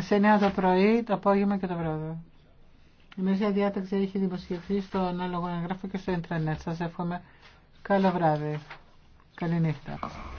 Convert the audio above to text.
σε 9 το πρωί, το απόγευμα και το βράδυ. Η μερική διάταξη έχει δημοσιευθεί στο ανάλογο εγγράφο και στο ίντερνετ. Σας εύχομαι καλό βράδυ. Καληνύχτα.